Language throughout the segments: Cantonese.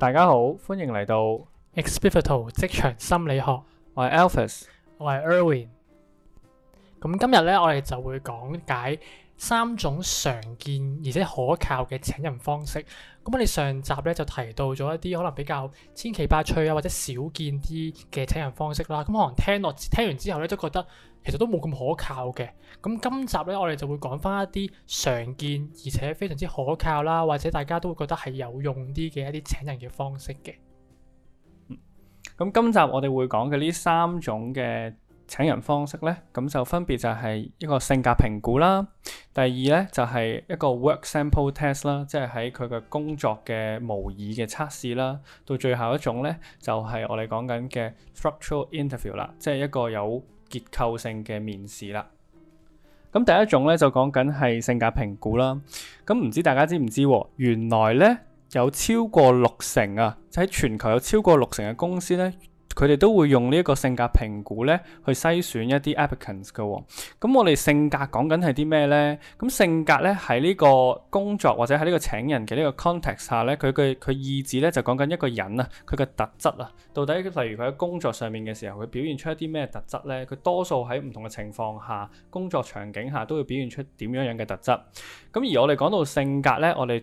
大家好，歡迎嚟到 Experito 職場心理學。我係 Alfie，我係 Erwin。咁今日咧，我哋就會講解三種常見而且可靠嘅請人方式。咁啊，你上集咧就提到咗一啲可能比較千奇百趣啊，或者少見啲嘅請人方式啦。咁可能聽落聽完之後咧，都覺得其實都冇咁可靠嘅。咁今集咧，我哋就會講返一啲常見而且非常之可靠啦，或者大家都會覺得係有用啲嘅一啲請人嘅方式嘅。嗯，咁今集我哋會講嘅呢三種嘅。請人方式咧，咁就分別就係一個性格評估啦。第二咧就係一個 work sample test 啦，即係喺佢嘅工作嘅模擬嘅測試啦。到最後一種咧，就係我哋講緊嘅 structural interview 啦，即係一個有結構性嘅面試啦。咁第一種咧就講緊係性格評估啦。咁唔知大家知唔知？原來咧有超過六成啊，喺全球有超過六成嘅公司咧。佢哋都會用呢一個性格評估咧，去篩選一啲 applicants 嘅喎、哦。咁我哋性格講緊係啲咩咧？咁性格咧喺呢個工作或者喺呢個請人嘅呢個 context 下咧，佢嘅佢意思咧就講緊一個人啊，佢嘅特質啊，到底例如佢喺工作上面嘅時候，佢表現出一啲咩特質咧？佢多數喺唔同嘅情況下、工作場景下，都會表現出點樣樣嘅特質。咁而我哋講到性格咧，我哋。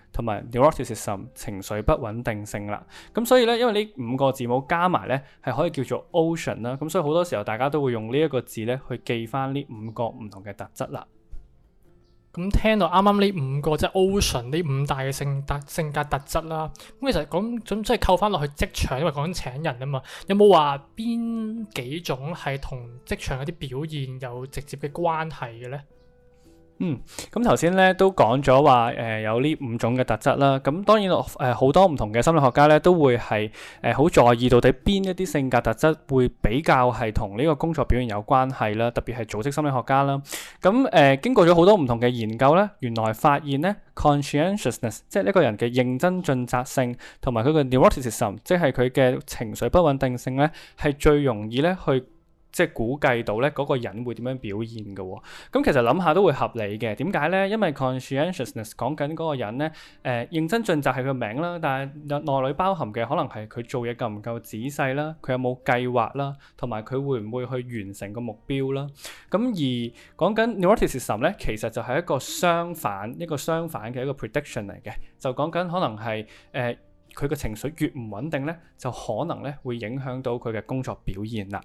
同埋 neuroticism 情緒不穩定性啦，咁所以咧，因為呢五個字母加埋咧，係可以叫做 ocean 啦，咁所以好多時候大家都會用呢一個字咧去記翻呢五個唔同嘅特質啦。咁聽到啱啱呢五個即係、就是、ocean 呢五大嘅性格性格特質啦，咁其實講總之係扣翻落去職場，因為講緊請人啊嘛，有冇話邊幾種係同職場嗰啲表現有直接嘅關係嘅咧？嗯，咁頭先咧都講咗話，誒、呃、有呢五種嘅特質啦。咁、嗯、當然，誒、呃、好多唔同嘅心理學家咧都會係誒好在意到底邊一啲性格特質會比較係同呢個工作表現有關係啦，特別係組織心理學家啦。咁、嗯、誒、呃、經過咗好多唔同嘅研究咧，原來發現咧，conscientiousness 即係呢個人嘅認真盡責性，同埋佢嘅 neuroticism 即係佢嘅情緒不穩定性咧，係最容易咧去即係估計到咧，嗰個人會點樣表現嘅喎、哦？咁其實諗下都會合理嘅。點解咧？因為 conscientiousness 講緊嗰個人咧，誒、呃、認真盡責係佢名啦，但係內裏包含嘅可能係佢做嘢夠唔夠仔細啦，佢有冇計劃啦，同埋佢會唔會去完成個目標啦？咁而講緊 neuroticism 咧，其實就係一個相反，一個相反嘅一個 prediction 嚟嘅，就講緊可能係誒佢嘅情緒越唔穩定咧，就可能咧會影響到佢嘅工作表現啦。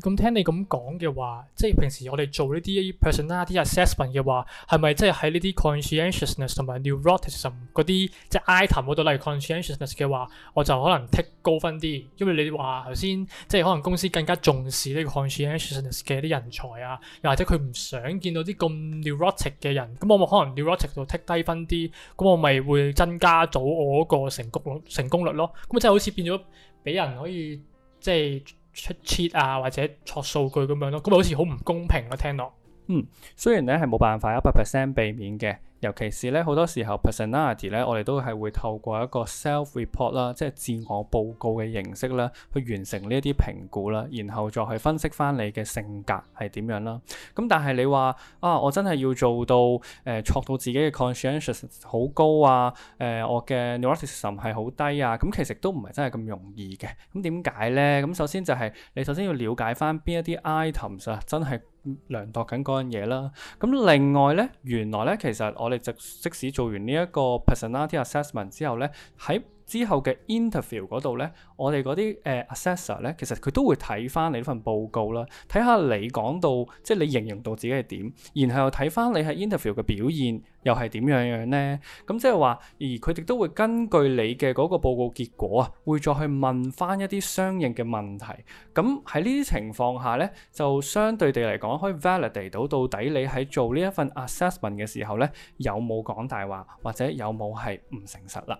咁聽你咁講嘅話，即係平時我哋做呢啲 personality assessment 嘅話，係咪即係喺呢啲 conscientiousness 同埋 neuroticism 嗰啲即係 item 嗰度，例如 conscientiousness 嘅話，我就可能 tick 高分啲，因為你話頭先，即係可能公司更加重視呢個 conscientiousness 嘅啲人才啊，又或者佢唔想見到啲咁 neurotic 嘅人，咁我咪可能 neurotic 度 tick 低分啲，咁我咪會增加到我一個成功率成功率咯，咁啊即係好似變咗俾人可以即係。出 cheat 啊，或者錯數據咁樣咯，咁咪好似好唔公平咯，聽落，嗯，雖然咧係冇辦法一百 percent 避免嘅。尤其是咧，好多時候 personality 咧，我哋都係會透過一個 self report 啦，re port，即係自我報告嘅形式啦，去完成呢一啲評估啦，然後再去分析翻你嘅性格係點樣啦。咁但係你話啊，我真係要做到誒，錯、呃、到自己嘅 conscientious 好高啊，誒、呃，我嘅 neuroticism 係好低啊。咁其實都唔係真係咁容易嘅。咁點解咧？咁首先就係、是、你首先要了解翻邊一啲 items 啊，真係。量度緊嗰樣嘢啦，咁另外咧，原來咧，其實我哋就即使做完呢一個 personality assessment 之後咧，喺之後嘅 interview 嗰度咧，我哋嗰啲誒、呃、assessor 咧，其實佢都會睇翻你份報告啦，睇下你講到即係你形容到自己係點，然後又睇翻你喺 interview 嘅表現又係點樣樣咧。咁即係話，而佢哋都會根據你嘅嗰個報告結果啊，會再去問翻一啲相應嘅問題。咁喺呢啲情況下咧，就相對地嚟講可以 validate 到到底你喺做呢一份 assessment 嘅時候咧，有冇講大話或者有冇係唔誠實啦。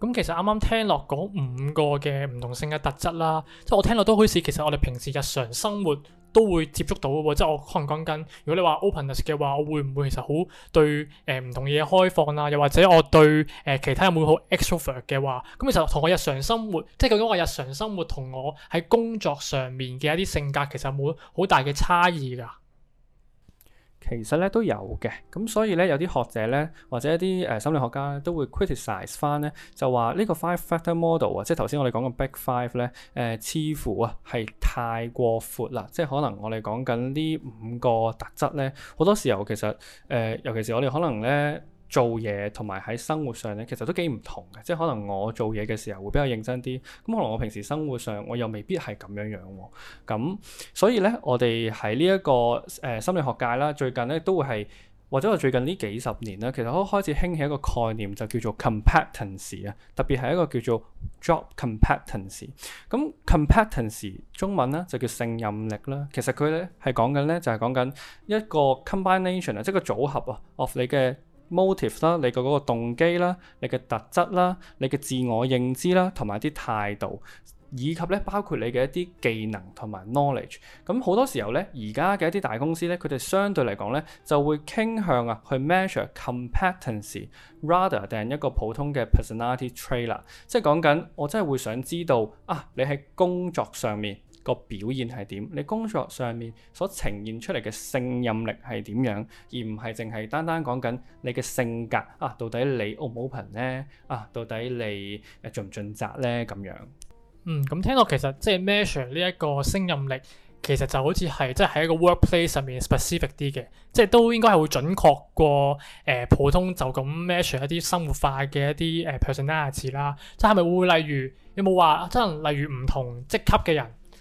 咁其實啱啱聽落嗰五個嘅唔同性格特質啦，即係我聽落都好似其實我哋平時日常生活都會接觸到喎，即係我可能講緊，如果你話 openness 嘅話，我會唔會其實好對誒唔同嘢開放啊？又或者我對誒其他有冇好 extrovert 嘅話，咁其實同我日常生活，即係究竟我日常生活同我喺工作上面嘅一啲性格其實冇好大嘅差異噶。其實咧都有嘅，咁所以咧有啲學者咧或者一啲誒、呃、心理學家咧都會 criticise 翻咧，就話呢個 five factor model 啊，即係頭先我哋講嘅 big five 咧，誒似乎啊係太過闊啦，即係可能我哋講緊呢五個特質咧，好多時候其實誒、呃，尤其是我哋可能咧。做嘢同埋喺生活上咧，其實都幾唔同嘅。即係可能我做嘢嘅時候會比較認真啲，咁可能我平時生活上我又未必係咁樣樣喎。咁、嗯、所以咧，我哋喺呢一個誒、呃、心理學界啦，最近咧都會係或者我最近呢幾十年咧，其實都開始興起一個概念，就叫做 competence 啊，特別係一個叫做 job competence。咁 competence 中文咧就叫勝任力啦。其實佢咧係講緊咧就係講緊一個 combination 啊，即係個組合啊，of 你嘅。motif 啦，Motive，你嘅嗰個動機啦，你嘅特質啦，你嘅自我認知啦，同埋啲態度，以及咧包括你嘅一啲技能同埋 knowledge，咁好多時候咧，而家嘅一啲大公司咧，佢哋相對嚟講咧，就會傾向啊去 measure competence rather than 一個普通嘅 personality trailer。即係講緊我真係會想知道啊，你喺工作上面。個表現係點？你工作上面所呈現出嚟嘅勝任力係點樣，而唔係淨係單單講緊你嘅性格啊。到底你 open 唔 open 咧？啊，到底你盡唔盡責咧？咁樣嗯，咁、嗯、聽落其實即係 measure 呢一個勝任力，其實就好似係即係喺一個 workplace 上面 specific 啲嘅，即係都應該係會準確過誒、呃、普通就咁 measure 一啲生活化嘅一啲誒、呃、personality 啦。即係咪會，會例如有冇話，即係例如唔同職級嘅人？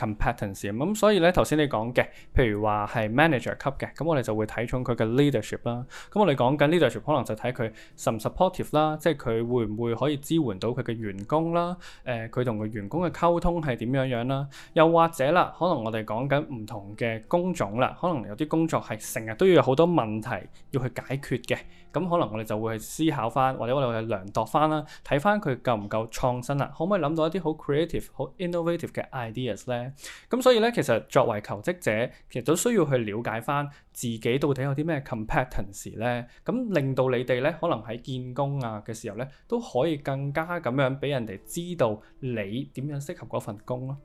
competency 咁、嗯，所以咧頭先你講嘅，譬如話係 manager 級嘅，咁我哋就會睇重佢嘅 leadership 啦。咁我哋講緊 leadership，可能就睇佢 supportive 啦，即係佢會唔會可以支援到佢嘅員工啦？誒、呃，佢同佢員工嘅溝通係點樣樣啦？又或者啦，可能我哋講緊唔同嘅工種啦，可能有啲工作係成日都要有好多問題要去解決嘅，咁可能我哋就會去思考翻，或者我哋會去量度翻啦，睇翻佢夠唔夠創新啦、啊，可唔可以諗到一啲好 creative、好 innovative 嘅 ideas 咧？咁所以咧，其實作為求職者，其實都需要去了解返自己到底有啲咩 competence 咧，咁令到你哋咧，可能喺見工啊嘅時候咧，都可以更加咁樣俾人哋知道你點樣適合嗰份工咯。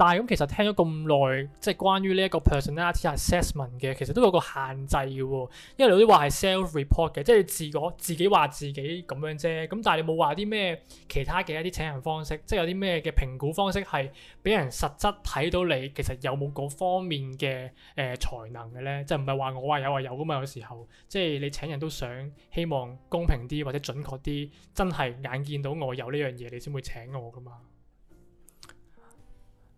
但係咁，其實聽咗咁耐，即係關於呢一個 personality assessment 嘅，其實都有個限制嘅喎。因為有啲話係 self report 嘅，即係你自我自己話自己咁樣啫。咁但係你冇話啲咩其他嘅一啲請人方式，即係有啲咩嘅評估方式係俾人實質睇到你其實有冇嗰方面嘅誒、呃、才能嘅咧？即係唔係話我話有係有噶嘛？有時候即係你請人都想希望公平啲或者準確啲，真係眼見到我有呢樣嘢，你先會請我噶嘛？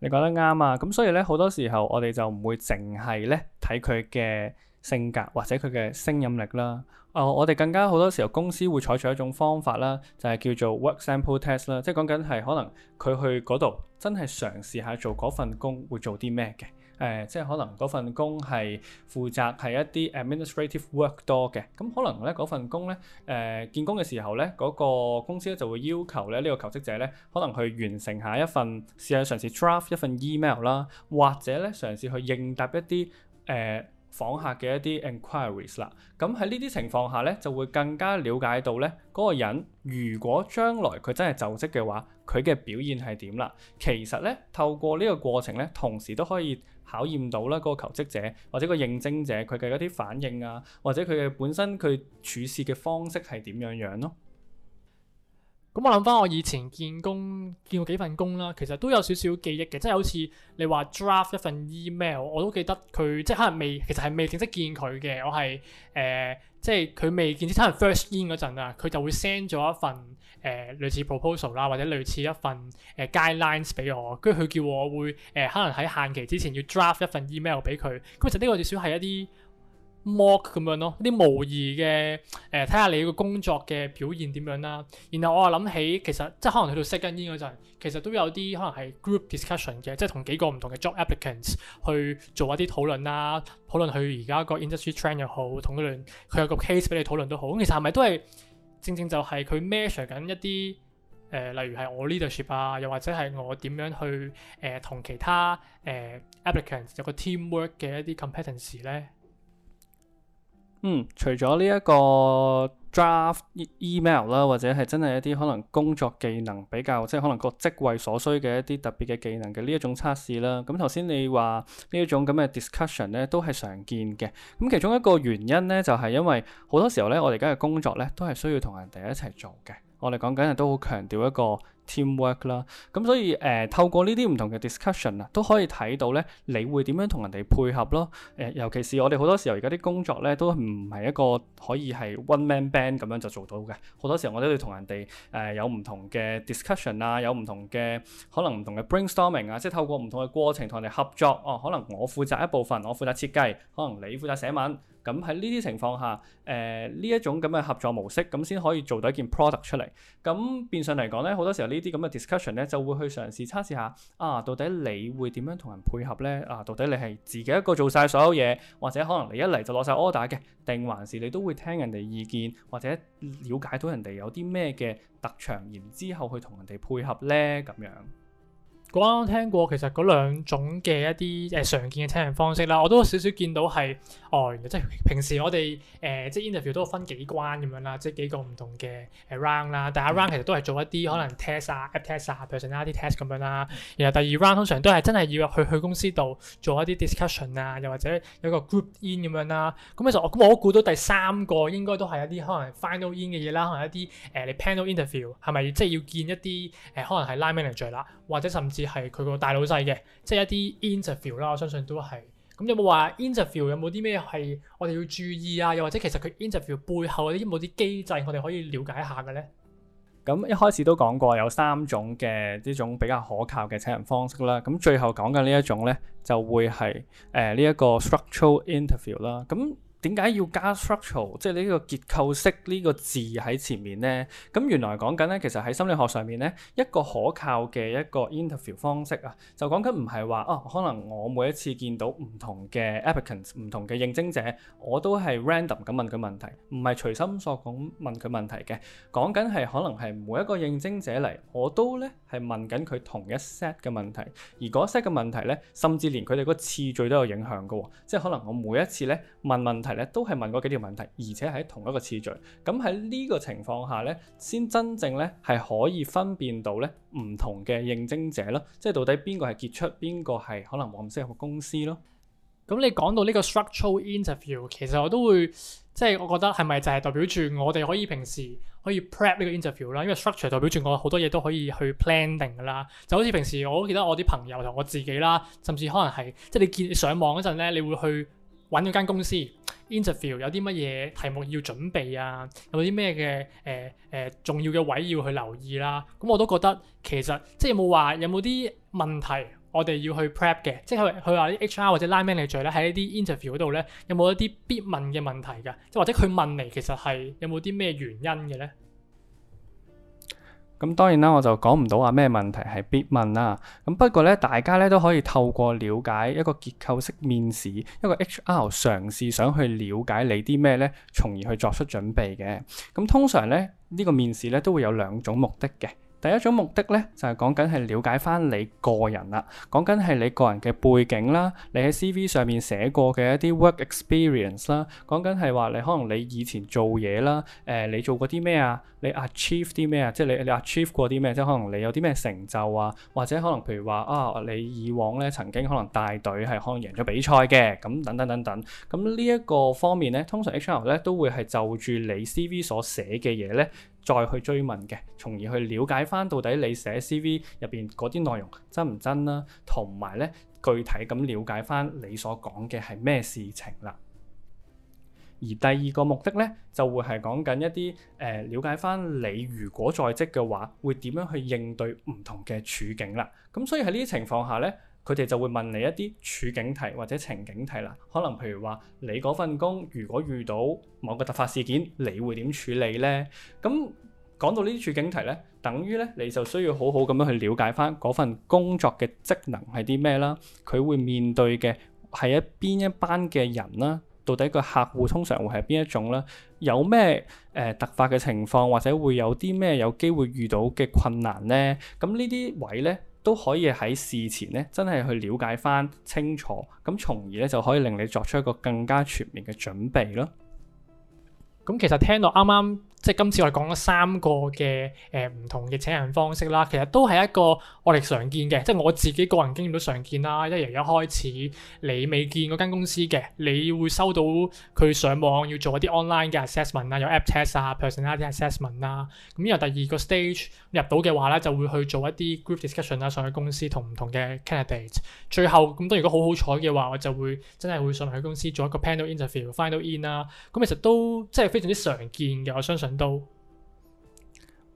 你講得啱啊！咁所以咧，好多時候我哋就唔會淨係咧睇佢嘅性格或者佢嘅聲音力啦。哦、呃，我哋更加好多時候公司會採取一種方法啦，就係、是、叫做 work sample test 啦，即係講緊係可能佢去嗰度真係嘗試下做嗰份工會做啲咩嘅。誒，即係可能嗰份工係負責係一啲 administrative work 多嘅，咁可能咧嗰份工咧，誒見工嘅時候咧，嗰個公司咧就會要求咧呢個求職者咧，可能去完成下一份，試下嘗試 draft 一份 email 啦，或者咧嘗試去應答一啲誒訪客嘅一啲 inquiries 啦。咁喺呢啲情況下咧，就會更加了解到咧嗰個人，如果將來佢真係就職嘅話，佢嘅表現係點啦。其實咧，透過呢個過程咧，同時都可以，考驗到啦，嗰個求職者或者個應徵者佢嘅一啲反應啊，或者佢嘅本身佢處事嘅方式係點樣樣咯。咁我諗翻我以前見工見過幾份工啦，其實都有少少記憶嘅，即係好似你話 draft 一份 email，我都記得佢即係可能未其實係未正式見佢嘅，我係誒、呃、即係佢未見，即係可能 first in 嗰陣啊，佢就會 send 咗一份誒、呃、類似 proposal 啦，或者類似一份誒 guidelines 俾我，跟住佢叫我會誒、呃、可能喺限期之前要 draft 一份 email 俾佢。咁其實呢個至少係一啲，mock 咁樣咯，啲模擬嘅誒，睇、呃、下你個工作嘅表現點樣啦、啊。然後我又諗起，其實即係可能去到 second 煙嗰陣，其實都有啲可能係 group discussion 嘅，即係同幾個唔同嘅 job applicants 去做一啲討論啦，討論佢而家個 industry trend 又好，同佢佢有個 case 俾你討論都好。咁其實係咪都係正正就係佢 measure 緊一啲誒、呃，例如係我 leadership 啊，又或者係我點樣去誒同、呃、其他誒、呃、applicants 有個 teamwork 嘅一啲 competence 咧？嗯，除咗呢一個 draft email 啦，或者係真係一啲可能工作技能比較，即係可能個職位所需嘅一啲特別嘅技能嘅呢一種測試啦。咁頭先你話呢一種咁嘅 discussion 咧，都係常見嘅。咁其中一個原因咧，就係因為好多時候咧，我哋而家嘅工作咧，都係需要同人哋一齊做嘅。我哋講緊嘅都好強調一個 teamwork 啦，咁所以誒、呃、透過呢啲唔同嘅 discussion 啊，都可以睇到咧，你會點樣同人哋配合咯？誒、呃，尤其是我哋好多時候而家啲工作咧，都唔係一個可以係 one man band 咁樣就做到嘅。好多時候我都要、呃、同人哋誒有唔同嘅 discussion 啊，有唔同嘅可能唔同嘅 brainstorming 啊，即係透過唔同嘅過程同人哋合作。哦，可能我負責一部分，我負責設計，可能你負責寫文。咁喺呢啲情況下，誒呢一種咁嘅合作模式，咁、嗯、先可以做到一件 product 出嚟。咁、嗯、變相嚟講呢，好多時候呢啲咁嘅 discussion 呢，就會去嘗試測試下啊，到底你會點樣同人配合呢？」「啊，到底你係自己一個做晒所有嘢，或者可能你一嚟就攞晒 order 嘅，定還是你都會聽人哋意見，或者了解到人哋有啲咩嘅特長，然之後去同人哋配合呢？」咁樣。啱啱聽過，其實嗰兩種嘅一啲誒、呃、常見嘅測人方式啦，我都少少見到係哦，原來即係平時我哋誒、呃、即係 interview 都分幾關咁樣啦，即係幾個唔同嘅 round 啦，第一 round 其實都係做一啲可能 test 啊、apt test 啊、譬如 personality test 咁樣啦，然後第二 round 通常都係真係要去去公司度做一啲 discussion 啊，又或者有個 group in 咁樣啦，咁其實我咁我估到第三個應該都係一啲可能 final in 嘅嘢啦，可能一啲誒、呃、你 panel interview 係咪即係要見一啲誒、呃、可能係 line manager 啦，或者甚至～係佢個大老細嘅，即係一啲 interview 啦，我相信都係。咁有冇話 interview 有冇啲咩係我哋要注意啊？又或者其實佢 interview 背後有冇啲機制我哋可以了解下嘅咧？咁一開始都講過有三種嘅呢種比較可靠嘅請人方式啦。咁最後講緊呢一種咧，就會係誒呢一個 structural interview 啦。咁點解要加 structural？即係呢個結構式呢個字喺前面呢？咁原來講緊呢，其實喺心理學上面呢，一個可靠嘅一個 interview 方式啊，就講緊唔係話哦，可能我每一次見到唔同嘅 applicants，唔同嘅應徵者，我都係 random 咁問佢問題，唔係隨心所講問佢問題嘅。講緊係可能係每一個應徵者嚟，我都呢係問緊佢同一 set 嘅問題，而嗰 set 嘅問題呢，甚至連佢哋嗰次序都有影響㗎喎。即係可能我每一次呢問問題，都係問過幾條問題，而且喺同一個次序。咁喺呢個情況下咧，先真正咧係可以分辨到咧唔同嘅應徵者咯。即係到底邊個係傑出，邊個係可能我唔適合公司咯。咁你講到呢個 structural interview，其實我都會即係，就是、我覺得係咪就係代表住我哋可以平時可以 prep 呢個 interview 啦？因為 structure 代表住我好多嘢,都可以去 plan 定噶啦。就好似平時我記得我啲朋友同我自己啦，甚至可能係即係你見你上網嗰陣咧，你會去揾咗間公司。Interview 有啲乜嘢題目要準備啊？有啲咩嘅誒誒重要嘅位要去留意啦、啊？咁我都覺得其實即係有冇話有冇啲問題我哋要去 prep 嘅，即係佢佢話啲 HR 或者 line manager 咧喺呢啲 interview 度咧，有冇一啲必問嘅問題㗎？即或者佢問你其實係有冇啲咩原因嘅咧？咁當然啦，我就講唔到話咩問題係必問啦。咁不過咧，大家咧都可以透過了解一個結構式面試，一個 HR 嘗試想去了解你啲咩咧，從而去作出準備嘅。咁通常咧，呢個面試咧都會有兩種目的嘅。第一種目的咧，就係講緊係了解翻你個人啦，講緊係你個人嘅背景啦，你喺 CV 上面寫過嘅一啲 work experience 啦，講緊係話你可能你以前做嘢啦，誒、呃、你做過啲咩啊，你 achieve 啲咩啊，即係你你 achieve 過啲咩，即係可能你有啲咩成就啊，或者可能譬如話啊，你以往咧曾經可能帶隊係可能贏咗比賽嘅，咁等等等等，咁呢一個方面咧，通常 HR 咧都會係就住你 CV 所寫嘅嘢咧。再去追問嘅，從而去了解翻到底你寫 CV 入邊嗰啲內容真唔真啦，同埋咧具體咁了解翻你所講嘅係咩事情啦。而第二個目的咧，就會係講緊一啲誒、呃、了解翻你如果在職嘅話，會點樣去應對唔同嘅處境啦。咁、嗯、所以喺呢啲情況下咧。佢哋就會問你一啲處境題或者情景題啦，可能譬如話你嗰份工如果遇到某個突發事件，你會點處理呢？咁講到呢啲處境題呢，等於呢，你就需要好好咁樣去了解翻嗰份工作嘅職能係啲咩啦，佢會面對嘅係一邊一班嘅人啦，到底個客戶通常會係邊一種啦？有咩誒、呃、突發嘅情況或者會有啲咩有機會遇到嘅困難呢？咁呢啲位呢。都可以喺事前呢，真係去了解返清楚，咁從而呢就可以令你作出一個更加全面嘅準備咯。咁其實聽到啱啱。即係今次我哋講咗三個嘅誒唔同嘅請人方式啦，其實都係一個我哋常見嘅，即係我自己個人經驗都常見啦。一由一,一開始你未見嗰間公司嘅，你會收到佢上網要做一啲 online 嘅 assessment 啊，有 app test 啊，personality assessment 啦，啊。咁，嗯、然後第二個 stage 入到嘅話咧，就會去做一啲 group discussion 啦，上嘅公司同唔同嘅 candidate。最後咁，都如果好好彩嘅話我就會真係會上去公司做一個 panel interview，final in 啦。咁，嗯、其實都即係非常之常見嘅，我相信。都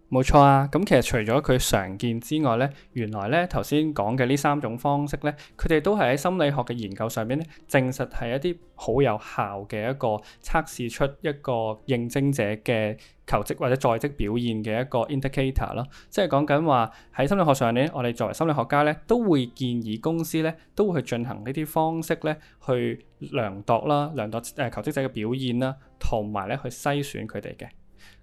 冇錯啊。咁其實除咗佢常見之外呢，原來呢頭先講嘅呢三種方式呢，佢哋都係喺心理學嘅研究上面呢，證實係一啲好有效嘅一個測試出一個應徵者嘅求職或者在職表現嘅一個 indicator 咯。即係講緊話喺心理學上面，我哋作為心理學家呢，都會建議公司呢，都會去進行呢啲方式呢，去量度啦，量度誒、呃、求職者嘅表現啦，同埋呢去篩選佢哋嘅。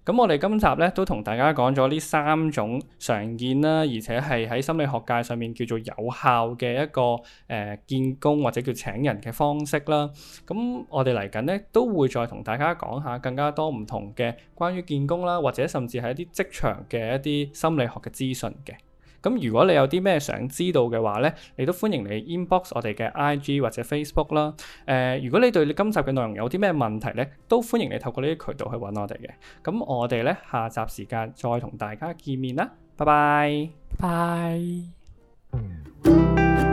咁我哋今集咧都同大家講咗呢三種常見啦，而且係喺心理學界上面叫做有效嘅一個誒、呃、見工或者叫請人嘅方式啦。咁我哋嚟緊咧都會再同大家講下更加多唔同嘅關於見工啦，或者甚至係一啲職場嘅一啲心理學嘅資訊嘅。咁如果你有啲咩想知道嘅話呢，你都歡迎你 inbox 我哋嘅 IG 或者 Facebook 啦、呃。誒，如果你對你今集嘅內容有啲咩問題呢，都歡迎你透過呢啲渠道去揾我哋嘅。咁我哋呢，下集時間再同大家見面啦。拜拜，拜拜。